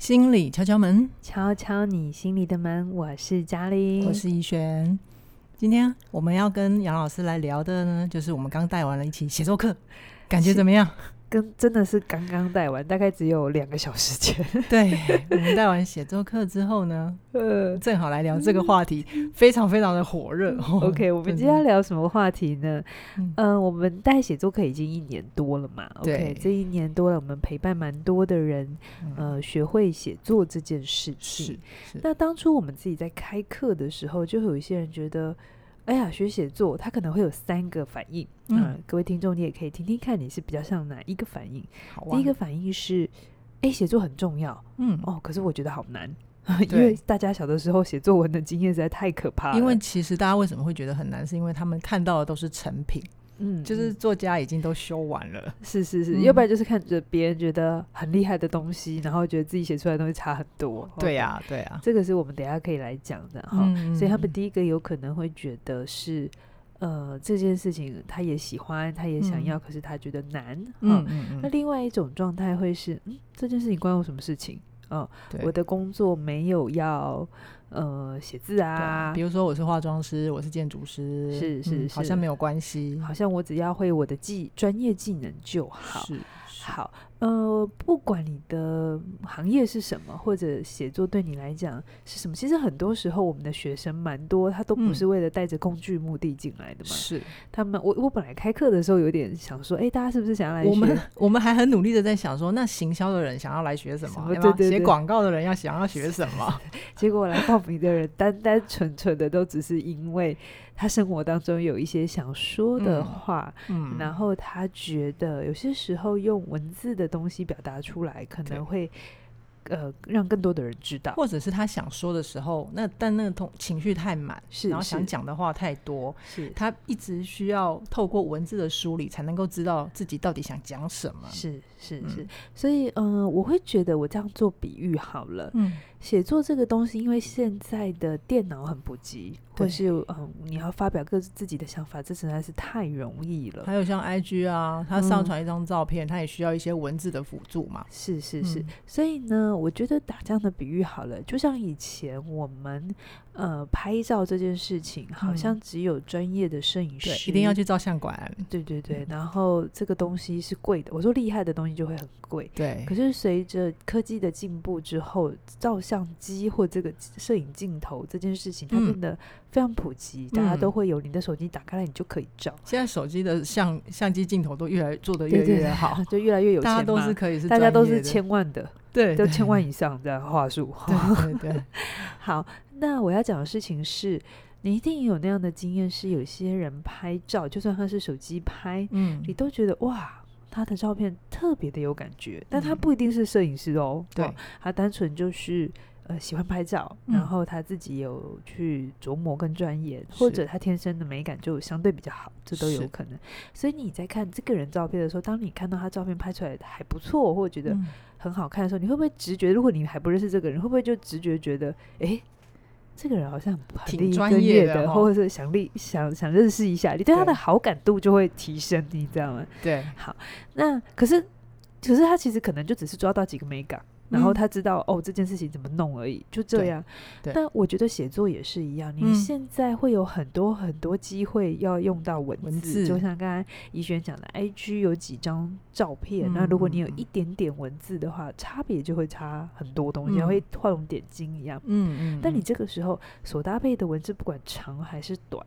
心理敲敲門，敲敲你心裡的門。我是佳麗，我是依萱。今天啊，我們要跟楊老師來聊的呢，就是我們剛帶完了一期寫作課，感覺怎麼樣？跟真的是剛剛帶完，大概只有兩個小時前。 對，我們帶完寫作課之後呢， 呃，正好來聊這個話題，嗯、非常非常的火熱。OK，我們今天要聊什麼話題呢？嗯、呃，我們帶寫作課已經一年多了嘛。OK，對這一年多了，我們陪伴蠻多的人，嗯、呃，學會寫作這件事情。是。是，那當初我們自己在開課的時候，就會有一些人覺得。哎呀，學寫作它可能會有三個反應。嗯、呃，各位聽眾，你也可以聽聽看，你是比較像哪一個反應？玩第一個反應是，哎、欸，寫作很重要。嗯，哦，可是我覺得好難， 對因為大家小的時候寫作文的經驗實在太可怕了。因為其實大家為什麼會覺得很難，是因為他們看到的都是成品。嗯，就是作家已經都修完了，是是是，要不然就是看着別人覺得很厲害的東西，然後覺得自己寫出來的東西差很多。對呀，對呀，這個是我們等下可以來講的哈。所以他們第一個有可能會覺得是，呃，這件事情他也喜歡，他也想要，可是他覺得難。嗯，那另外一種狀態會是，嗯，這件事情關我什麼事情？嗯，我的工作沒有要。呃，寫字啊,啊，比如說我是化妝師，我是建築師，是是，是嗯、是好像沒有關係，好像我只要會我的技專業技能就好，是是好。呃，不管你的行業是什麼，或者寫作對你來講是什麼，其實很多時候我們的學生蠻多，他都不是為了帶着工具目的進來的嘛。嗯、是，他們我我本來開課的時候有點想說，哎，大家是不是想要來學？我們我們還很努力的在想說，那行銷的人想要來學什麼？什麼，對對，對、哎呃，寫廣告的人要想要學什麼？ 結果來報名的人單單純純的都只是因為。他生活當中有一些想說的話，嗯嗯、然後他覺得有些時候用文字的東西表達出來可能會，對呃，讓更多的人知道，或者是他想說的時候，那但那個同情緒太滿，是然後想講的話太多，是，他一直需要透過文字的梳理，才能夠知道自己到底想講什麼。是。是是，嗯、所以嗯，我會覺得我這樣做比喻好了。嗯，寫作這個東西，因為現在的電腦很普及，嗯、或是嗯，你要發表各自，自己的想法，這實在是太容易了。還有像 IG 啊，他上傳一張照片，嗯、他也需要一些文字的輔助嘛。是是是，嗯、所以呢，我覺得打這樣的比喻好了，就像以前我們。呃，拍照這件事情好像只有專業的攝影師，嗯、對一定要去照相館。對對對，嗯、然後這個東西是貴的。我說厲害的東西就會很貴。對。可是隨着科技的進步之後，照相機或這個攝影鏡頭這件事情，它變得非常普及，嗯、大家都會有。你的手機打開來，你就可以照。嗯、現在手機的相相機鏡頭都越來越做得越來越好，對對對，就越來越有錢嘛。大家都是千萬的，對，對，對，都千萬以上的畫素。對對對， 好。那我要講的事情是，你一定有那樣的經驗，是有些人拍照，就算他是手機拍，嗯、你都覺得哇，他的照片特別的有感覺，但他不一定是攝影師哦，嗯、哦對，他單純就是呃喜歡拍照，嗯、然後他自己有去琢磨跟鑽研，是或者他天生的美感就相對比較好，這都有可能。是所以你在看這個人照片的時候，當你看到他照片拍出來還不錯，或者覺得很好看的時候，嗯、你會不會直覺？如果你還不認識這個人，會不會就直覺覺得，哎？這個人好像挺專業的，業的哦，或者是想立想想認識一下，你對他的好感度就會提升，對你知道嗎？對，好，那可是可是他其實可能就只是抓到幾個美感。然後他知道哦這件事情怎麼弄而已，就這樣。但我覺得寫作也是一樣，你現在會有很多很多機會要用到文字，文字就像剛剛怡軒講的，IG 有幾張照片，嗯、那如果你有一點點文字的話，差別就會差很多東西，嗯、會畫龍點睛一樣。嗯嗯嗯、但你這個時候所搭配的文字，不管長還是短，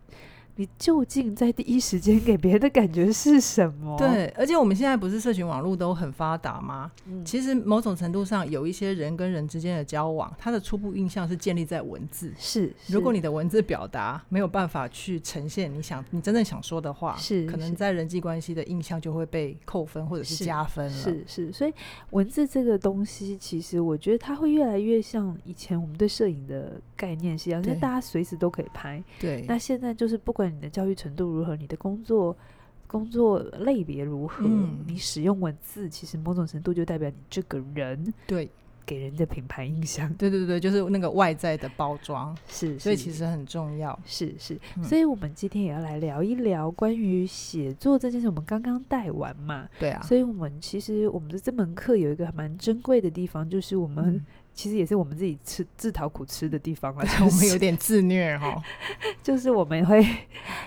你究竟在第一時間給別人的感覺是什麼？對，而且我們現在不是社群網絡都很發達嗎？嗯，其實某種程度上，有一些人跟人之間的交往，他的初步印象是建立在文字。是，是，如果你的文字表達沒有辦法去呈現你想，你真正想說的話，是，是可能在人際關係的印象就會被扣分或者是加分了。是是，是，是，所以文字這個東西，其實我覺得它會越來越像以前我們對攝影的概念是一樣，因為對大家隨時都可以拍。對，那現在就是不管。你的教育程度如何？你的工作工作類別如何？嗯、你使用文字，其實某種程度就代表你這個人，對，給人的品牌印象。對對對，就是那個外在的包裝，是，是，所以其實很重要。是是，是是，嗯、所以我們今天也要來聊一聊關於寫作這件事。我們剛剛帶完嘛，對啊，所以我們其實我們的這門課有一個還蠻珍貴的地方，就是我們、嗯。其實也是我們自己吃自討苦吃的地方，而且我們有點自虐哈。就是我們會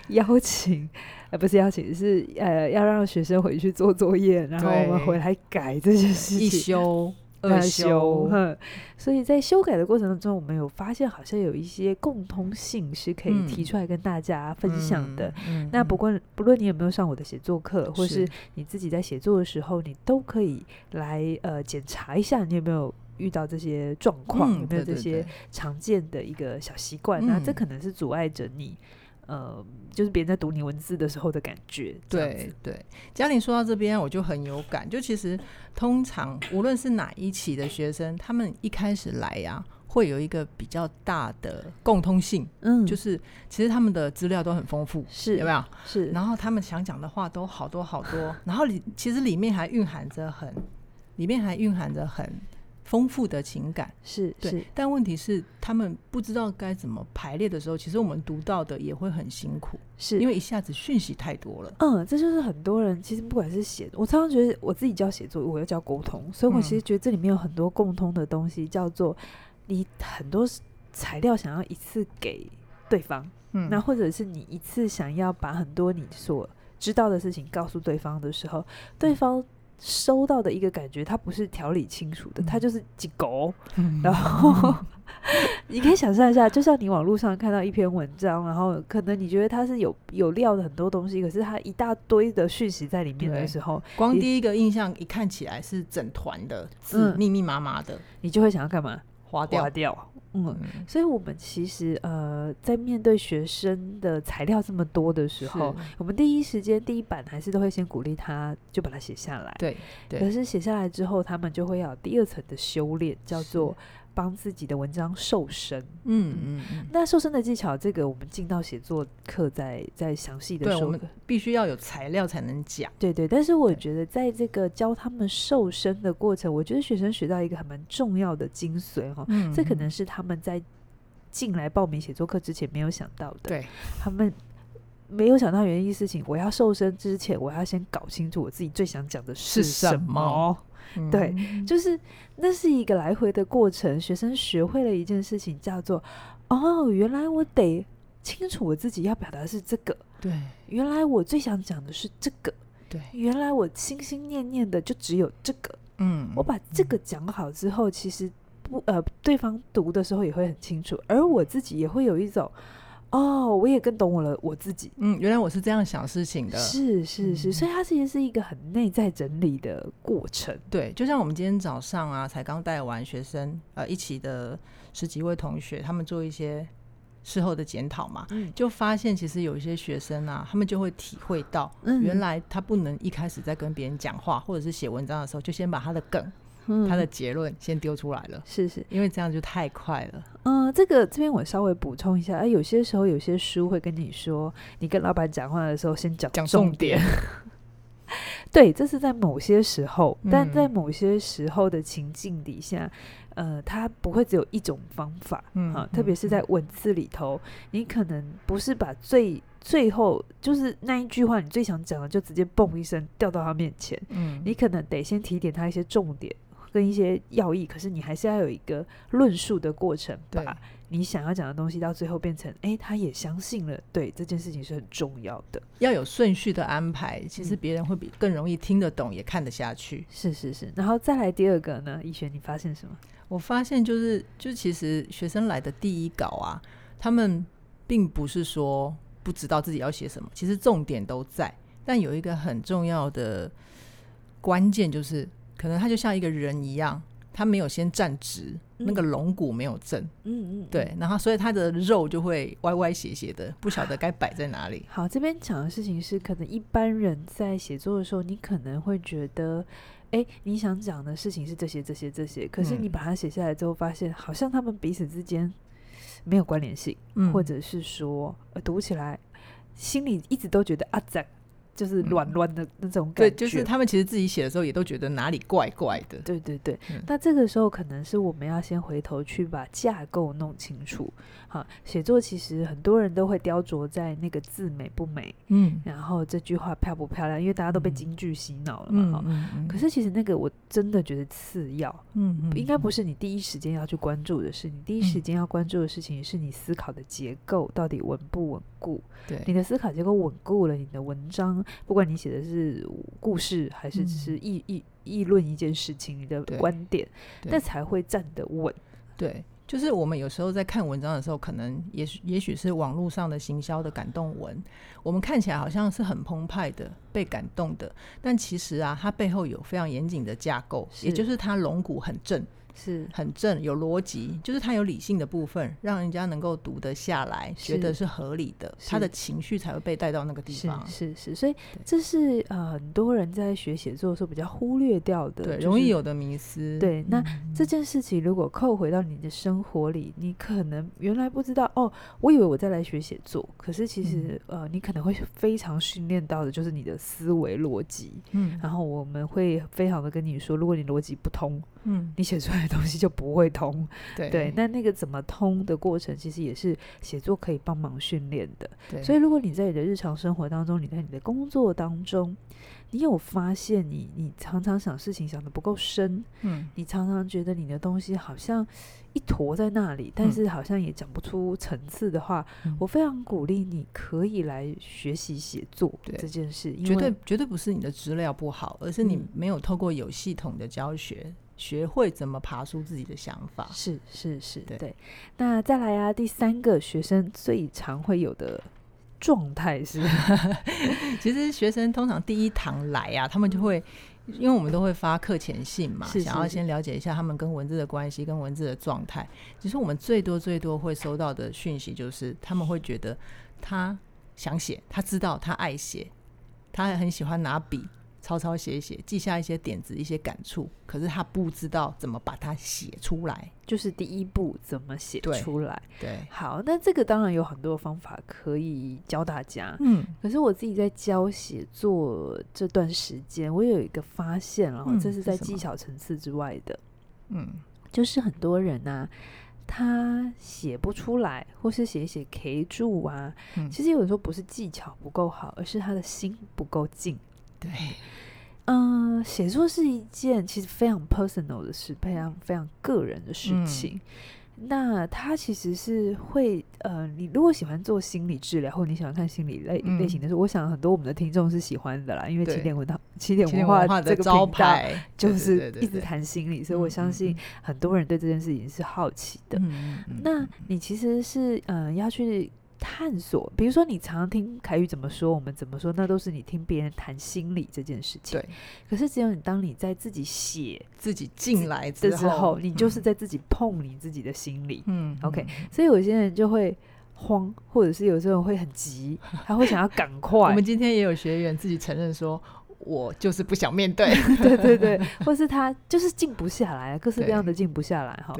邀請， 呃，不是邀請，是呃，要讓學生回去做作業，然後我們回來改對這些事情一修。呵，所以在修改的過程當中，我們有發現好像有一些共通性是可以提出來跟大家分享的。嗯嗯嗯、那不過不論你有沒有上我的寫作課，是或是你自己在寫作的時候，你都可以來呃檢查一下，你有沒有遇到這些狀況，嗯、有沒有這些常見的一個小習慣，嗯、對對對，那這可能是阻礙着你。嗯呃，就是別人在讀你文字的時候的感覺。對。對對，嘉玲說到這邊，我就很有感。就其實，通常無論是哪一期的學生，他們一開始來呀、啊，會有一個比較大的共通性。嗯，就是其實他們的資料都很豐富，是有沒有？是，然後他們想講的話都好多好多，然後裡其實裡面還蘊含着很，裡面還蘊含着很。豐富的情感是是。對，但問題是他們不知道該怎麼排列的時候，其實我們讀到的也會很辛苦，是因為一下子訊息太多了。嗯，這就是很多人其實不管是寫，我常常覺得我自己教寫作，我又教溝通，所以我其實覺得這裡面有很多共通的東西，嗯、叫做你很多材料想要一次給對方，嗯、那或者是你一次想要把很多你所知道的事情告訴對方的時候，對方、嗯。收到的一個感覺，它不是條理清楚的，嗯、它就是幾狗。然後、嗯、 你可以想象一下，就像你網絡上看到一篇文章，然後可能你覺得它是有有料的很多東西，可是它一大堆的訊息在裡面的時候，光第一個印象一看起來是整團的字、嗯、密密麻麻的，你就會想要幹嘛？劃掉，掉，嗯，嗯，所以，我們其實呃，在面對學生的材料這麼多的時候，是我們第一時間第一版還是都會先鼓勵他，就把它寫下來。對，對可是寫下來之後，他們就會要有第二層的修煉，叫做。幫自己的文章瘦身，嗯對嗯，那瘦身的技巧，這個我們進到寫作課再再詳細的說。對我們必須要有材料才能講，對，對對。但是我覺得，在這個教他們瘦身的過程，對我覺得學生學到一個還蠻重要的精髓哈，嗯、這可能是他們在進來報名寫作課之前沒有想到的。對，他們沒有想到原因事情，我要瘦身之前，我要先搞清楚我自己最想講的是什麼。 對，就是那是一個來回的過程。學生學會了一件事情，叫做“哦，原來我得清楚我自己要表達的是這個”。對，原來我最想講的是這個。對，原來我心心念念的就只有這個。嗯，我把這個講好之後，其實不呃，對方讀的時候也會很清楚，而我自己也會有一種。哦，oh, 我也更懂我了我自己。嗯，原來我是這樣想事情的。是是是，是是嗯、所以它其實是一個很內在整理的過程。對，就像我們今天早上啊，才剛帶完學生，呃，一起的十幾位同學，他們做一些事後的檢討嘛，嗯、就發現其實有一些學生啊，他們就會體會到，原來他不能一開始在跟別人講話、嗯、或者是寫文章的時候，就先把他的梗。他的結論先丟出來了，嗯、是是，因為這樣就太快了。嗯，這個這邊我稍微補充一下，哎、啊，有些時候有些書會跟你說，你跟老板講話的時候，先講講重點。重點 對，這是在某些時候，但在某些時候的情境底下，嗯、呃，他不會只有一種方法。嗯，啊、嗯，特別是在文字裡頭，你可能不是把最、嗯、最後就是那一句話你最想講的，就直接嘣一聲掉到他面前。嗯，你可能得先提點他一些重點。跟一些要義，可是你還是要有一個論述的過程，對吧？對，你想要講的東西，到最後變成，哎、欸，他也相信了，對，這件事情是很重要的，要有順序的安排，其實別人會比更容易聽得懂，嗯、也看得下去。是是是，然後再來第二個呢？逸軒，你發現什麼？我發現就是，就其實學生來的第一稿啊，他們並不是說不知道自己要寫什麼，其實重點都在，但有一個很重要的關鍵就是。可能他就像一個人一樣，他沒有先站直，嗯、那個龍骨沒有正，嗯嗯，嗯對，然後所以他的肉就會歪歪斜斜的，啊、不曉得該擺在哪裡。好，這邊講的事情是，可能一般人在寫作的時候，你可能會覺得，哎、欸，你想講的事情是這些、這些、這些，可是你把它寫下來之後，發現好像他們彼此之間沒有關聯性，嗯、或者是說讀起來心裡一直都覺得阿雜。就是軟軟的那種感覺，嗯，對，就是他們其實自己寫的時候也都覺得哪裡怪怪的，對對對。那，嗯、這個時候可能是我們要先回頭去把架構弄清楚。好，啊，寫作其實很多人都會雕琢在那個字美不美，嗯，然後這句話漂不漂亮，因為大家都被金句洗腦了嘛，哈，可是其實那個我真的覺得次要，嗯嗯，嗯應該不是你第一時間要去關注的事。你第一時間要關注的事情是你思考的結構到底穩不穩固，嗯，對，你的思考結構穩固了，你的文章，不管你寫的是故事，還是只是議議議論一件事情，你的觀點，那才會站得穩。對，就是我們有時候在看文章的時候，可能也許也許是網絡上的行銷的感動文，我們看起來好像是很澎湃的，被感動的，但其實啊，它背後有非常嚴謹的架構，也就是它龍骨很正。是很正，有邏輯，就是他有理性的部分，讓人家能夠讀得下來，是覺得是合理的，他的情緒才會被帶到那個地方。是是，是，所以這是呃很多人在學寫作的時候比較忽略掉的，對，就是、容易有的迷思。對，那這件事情如果扣回到你的生活裡，你可能原來不知道哦，我以為我再來學寫作，可是其實、嗯、呃，你可能會非常訓練到的就是你的思維邏輯。嗯，然後我們會非常的跟你說，如果你邏輯不通。嗯，你寫出來的東西就不會通，對對。那那個怎麼通的過程，其實也是寫作可以幫忙訓練的。對，所以如果你在你的日常生活當中，你在你的工作當中，你有發現你你常常想事情想得不夠深，嗯，你常常覺得你的東西好像一坨在那裡，但是好像也講不出層次的話，嗯，我非常鼓勵你可以來學習寫作這件事，對，因為，絕對絕對不是你的資料不好，而是你沒有透過有系統的教學。學會怎麼爬出自己的想法，是是是，是是對。那再來啊，第三個學生最常會有的狀態是， 其實學生通常第一堂來啊，他們就會，因為我們都會發課前信嘛，想要先了解一下他們跟文字的關係、跟文字的狀態。其實我們最多最多會收到的訊息就是，他們會覺得他想寫，他知道他愛寫，他還很喜歡拿筆，抄抄寫寫，記下一些點子、一些感觸，可是他不知道怎麼把它寫出來，就是第一步怎麼寫出來。對，對好，那這個當然有很多的方法可以教大家。嗯，可是我自己在教寫作這段時間，我有一個發現了，這是在技巧層次之外的。嗯，是嗯就是很多人吶、啊，他寫不出來，或是寫寫卡住啊，嗯、其實有時候不是技巧不夠好，而是他的心不夠靜。對，嗯、呃，寫作是一件其實非常 personal 的事，非常非常個人的事情。嗯、那他其實是會，呃，你如果喜歡做心理治療，或你喜歡看心理類類型的書，嗯、我想很多我們的聽眾是喜歡的啦，因為啟點文檔啟對點文化這個招牌就是一直談心理，對對對對對，所以我相信很多人對這件事情是好奇的。嗯、那你其實是，嗯、呃，要去。探索，比如說你常常聽凱宇怎麼說，我們怎麼說，那都是你聽別人談心理這件事情。對，可是只有你當你在自己寫、自己進來的時候，嗯、你就是在自己碰你自己的心理。嗯，OK。所以有些人就會慌，或者是有時候會很急，他會想要趕快。 我們今天也有學員自己承認說：“我就是不想面對。 ” 對對對，或是他就是靜不下來，各式各樣的靜不下來哈。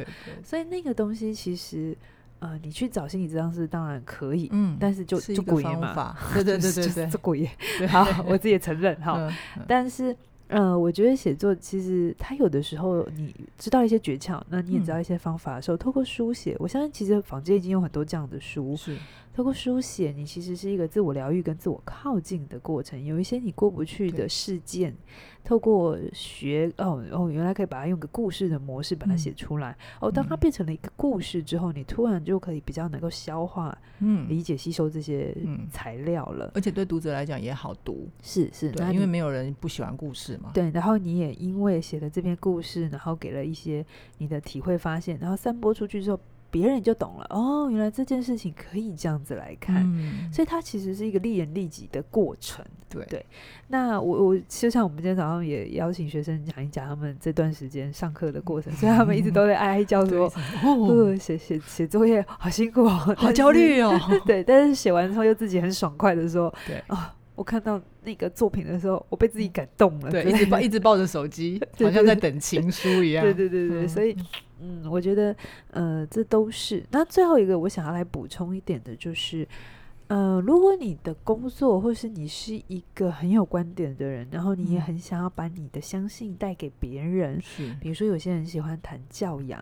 所以那個東西其實。呃，你去找心理治療師當然可以，嗯，但是就是方法就貴嘛，對對對對 對，這貴，好，我自己也承認哈，但是。嗯、呃，我覺得寫作其實它，有的時候你知道一些訣竅，嗯、那你也知道一些方法的時候，嗯、透過書寫，我相信其實坊間已經有很多這樣的書。是，透過書寫，你其實是一個自我療癒跟自我靠近的過程。有一些你過不去的事件，嗯、透過學哦哦，原來可以把它用個故事的模式把它寫出來。嗯、哦，當它變成了一個故事之後，你突然就可以比較能夠消化、嗯，理解、吸收這些材料了、嗯嗯。而且對讀者來講也好讀，是是，是對。那你，因為沒有人不喜歡故事。對，然後你也因為寫的這篇故事，然後給了一些你的體會發現，然後散播出去之後，別人就懂了。哦，原來這件事情可以這樣子來看，嗯、所以它其實是一個利人利己的過程。對對，對，那我我就像我們今天早上也邀請學生講一講他們這段時間上課的過程，雖然、嗯、他們一直都在哀哀叫說、嗯哦嗯，寫寫寫作業好辛苦哦，好焦慮哦， 對，但是寫完之後又自己很爽快的說，對、哦我看到那個作品的時候，我被自己感動了。對，對一直抱 一直抱着手機， 對對對，好像在等情書一樣。對，對對對對，嗯、所以，嗯，我覺得，呃，這都是。那最後一個，我想要來補充一點的就是，呃，如果你的工作或是你是一個很有觀點的人，然後你也很想要把你的相信帶給別人，是、嗯。比如說，有些人喜歡談教養，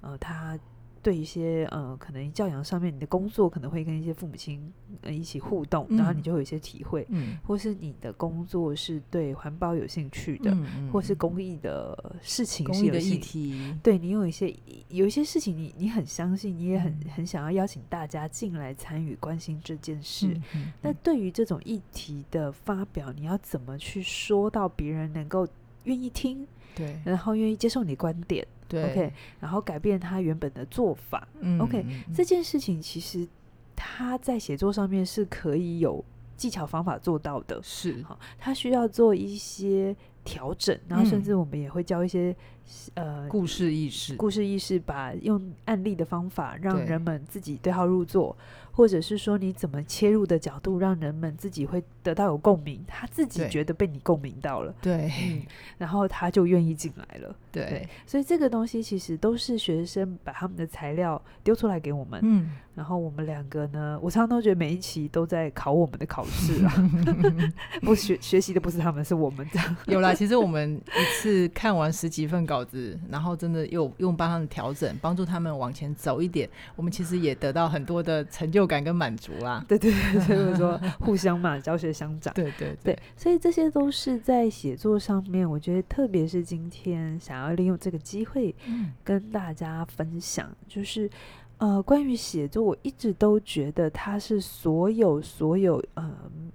呃，他。對一些呃，可能教養上面，你的工作可能會跟一些父母親呃一起互動，嗯、然後你就會有一些體會，嗯、或是你的工作是對環保有興趣的，嗯、或是公益的事情有興，公益的議題，對你有一些有一些事情你，你你很相信，你也很、嗯、很想要邀請大家進來參與關心這件事。那、嗯嗯、對於這種議題的發表，你要怎麼去說到別人能夠願意聽，對，然後願意接受你的觀點？對，OK，然後改變他原本的做法，OK，嗯，這件事情其實他在寫作上面是可以有技巧方法做到的，是哈，他需要做一些調整，然後甚至我們也會教一些，嗯，呃故事意識，故事意識，把用案例的方法讓人們自己對號入座。或者是說你怎麼切入的角度，讓人們自己會得到有共鳴，他自己覺得被你共鳴到了，對、嗯，然後他就願意進來了，對，對。所以這個東西其實都是學生把他們的材料丟出來給我們，嗯。然後我們兩個呢，我常常都覺得每一期都在考我們的考試啊， 不學學習的不是他們是我們這樣。 有啦，其實我們一次看完十幾份稿子， 然後真的又用幫他們調整，幫助他們往前走一點，嗯、我們其實也得到很多的成就感跟滿足啦、啊，對，對對，所以我說互相嘛， 教學相長，對對對，所以這些都是在寫作上面，我覺得特別是今天想要利用這個機會，跟大家分享，嗯、就是呃，關於寫作，我一直都覺得它是所有所有呃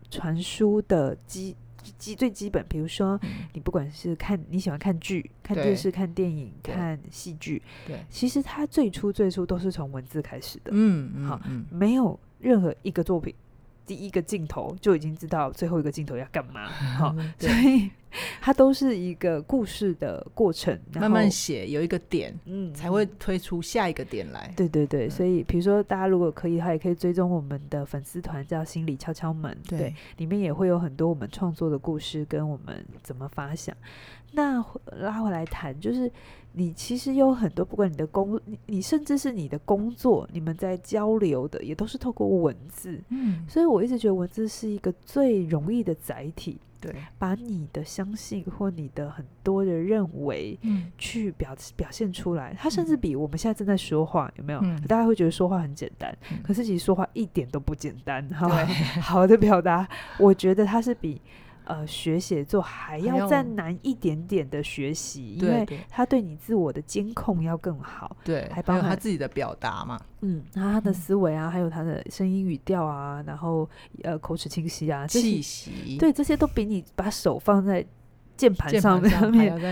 傳輸的基。基最基本，比如說、嗯、你不管是看，你喜歡看劇、看電視、對看電影、對看戲劇，對，其實它最初最初都是從文字開始的，嗯，好、嗯，啊嗯、沒有任何一個作品，第一個鏡頭就已經知道最後一個鏡頭要幹嘛，所以對它都是一個故事的過程，慢慢寫，有一個點，嗯，才會推出下一個點來。對對對，嗯、所以比如說大家如果可以的話，也可以追蹤我們的粉絲團，叫心理敲敲門，對，對，裡面也會有很多我們創作的故事跟我們怎麼發想。那拉回來談，就是你其實有很多，不管你的工，你,你甚至是你的工作，你們在交流的也都是透過文字，嗯，所以我一直覺得文字是一個最容易的載體，對，把你的相信或你的很多的認為，去表、嗯、表現出來，它甚至比我們現在正在說話有沒有？嗯、大家會覺得說話很簡單，嗯、可是其實說話一點都不簡單，哈對，好,好的表達， 我覺得它是比。呃，學寫作還要再難一點點的學習，還用，因為他對你自我的監控要更好，對，還包括他自己的表達嘛，嗯，然後他的思維啊，嗯、還有他的聲音語調啊，然後呃口齒清晰啊，氣息，對，這些都比你把手放在鍵盤上面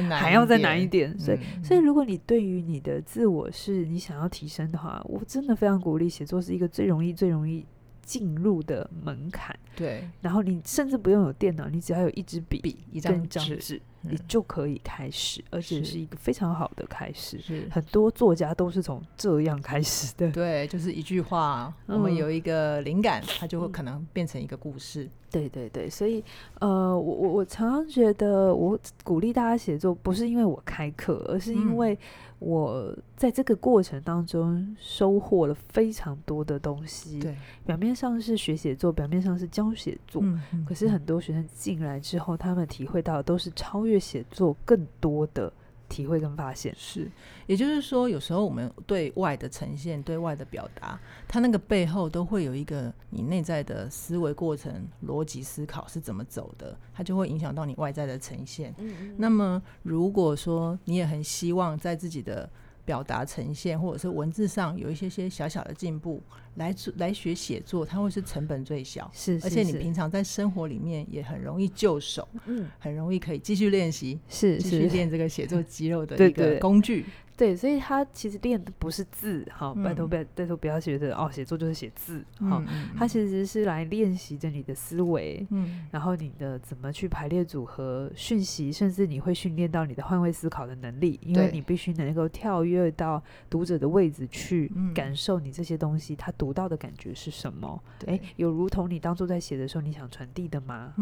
還要再難一點，所以所以如果你對於你的自我是你想要提升的話，我真的非常鼓勵，寫作是一個最容易最容易。進入的門檻，對，然後你甚至不用有電腦，你只要有一支筆、一張、筆一張紙，你就可以開始，嗯、而且是一個非常好的開始。是很多作家都是從這樣開始的，對，就是一句話，嗯、我們有一個靈感，它就會可能變成一個故事。對對對，所以呃，我我我常常覺得，我鼓勵大家寫作，不是因為我開課，而是因為。我在這個過程當中收穫了非常多的東西。對，表面上是學寫作，表面上是教寫作，嗯嗯、可是很多學生進來之後，他們體會到的都是超越寫作更多的體會跟發現是，也就是說，有時候我們對外的呈現、對外的表達，它那個背後都會有一個你內在的思維過程、邏輯思考是怎麼走的，它就會影響到你外在的呈現。嗯嗯嗯。那麼如果說你也很希望在自己的。表達呈現，或者是文字上有一些些小小的進步，來來學寫作，它會是成本最小，是、是、是，而且你平常在生活裡面也很容易就手，嗯，很容易可以繼續練習，是、是，繼續練這個寫作肌肉的一個工具。對對對。對，所以他其實練的不是字，好、哦嗯，拜託，拜拜託，不要覺得哦，寫作就是寫字，好、哦，他、嗯、其實是來練習着你的思維，嗯，然後你的怎麼去排列組合訊息，甚至你會訓練到你的換位思考的能力，因為你必須能夠跳躍到讀者的位置去感受你這些東西，他讀到的感覺是什麼？對、嗯，有如同你當初在寫的時候你想傳遞的嗎？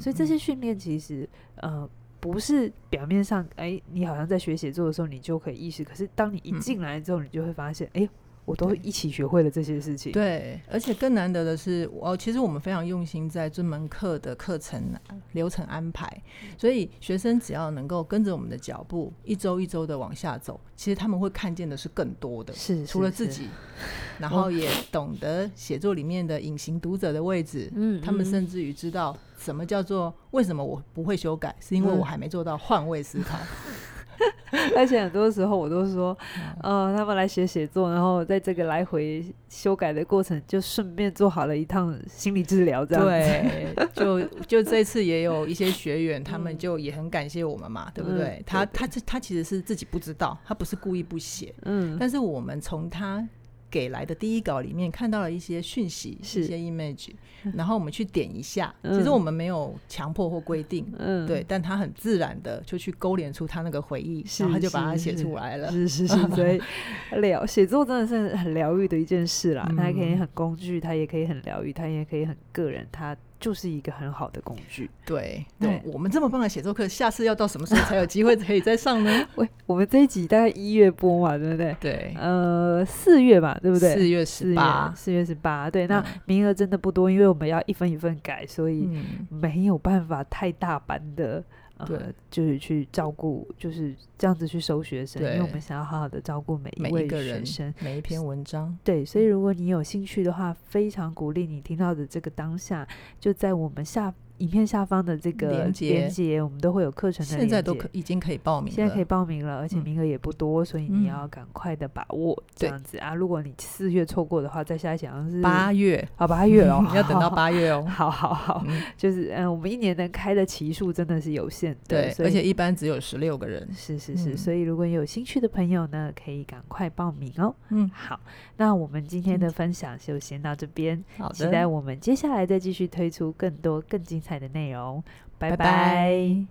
所以這些訓練其實，呃。不是表面上，哎，你好像在學寫作的時候，你就可以意識。可是當你一進來之後，你就會發現，嗯、哎喲。我都一起學會了這些事情。對，而且更難得的是，我、哦、其實我們非常用心在這門課的課程、啊、流程安排，所以學生只要能夠跟着我們的腳步，一周一周的往下走，其實他們會看見的是更多的，是、是、是除了自己，然後也懂得寫作裡面的隱形讀者的位置。嗯，嗯，他們甚至於知道什麼叫做，為什麼我不會修改，是因為我還沒做到換位思考。嗯 而且很多時候我都說，嗯、呃，他們來學寫作，然後在這個來回修改的過程，就順便做好了一趟心理治療，這樣子。對， 就就這次也有一些學員，嗯、他們就也很感謝我們嘛，嗯、對不對？他他他，他其實是自己不知道，他不是故意不寫，嗯，但是我們從他。給來的第一稿裡面看到了一些訊息，是一些 image，然後我們去點一下，嗯、其實我們沒有強迫或規定，嗯、對，但他很自然的就去勾連出他那個回憶，是然後他就把它寫出來了。是是是，是是是， 所以療寫作真的是很療癒的一件事啦，嗯、它可以很工具，他也可以很療癒，他也可以很個人，他。就是一個很好的工具，對對。對對，我們這麼棒的寫作課，下次要到什麼時候才有機會可以再上呢？ 喂，我們這一集大概一月播完，對不對？對，呃，四月吧，對不對？四月十八，四月十八。四月十八，對，嗯。那名額真的不多，因為我們要一份一份改，所以沒有辦法太大班的。嗯 嗯、對，就是去照顧，就是這樣子去收學生，對因為我們想要好好的照顧每一位、每一個學生、每一篇文章。對，所以如果你有興趣的話，非常鼓勵你聽到的這個當下，就在我們下。 影片下方的這個鏈接，我們都會有課程的。現在都可已經可以報名。現在可以報名了，而且名額也不多，所以你要趕快的把握這樣子啊！如果你四月錯過的話，再下來好像是八月，好八月哦，你要等到八月哦。好好好，就是嗯，我們一年能開的期數真的是有限，對，而且一般只有十六個人。是是是，所以如果有興趣的朋友呢，可以趕快報名哦。嗯，好，那我們今天的分享就先到這邊，期待我們接下來再繼續推出更多更精。彩的內容，拜拜，拜拜。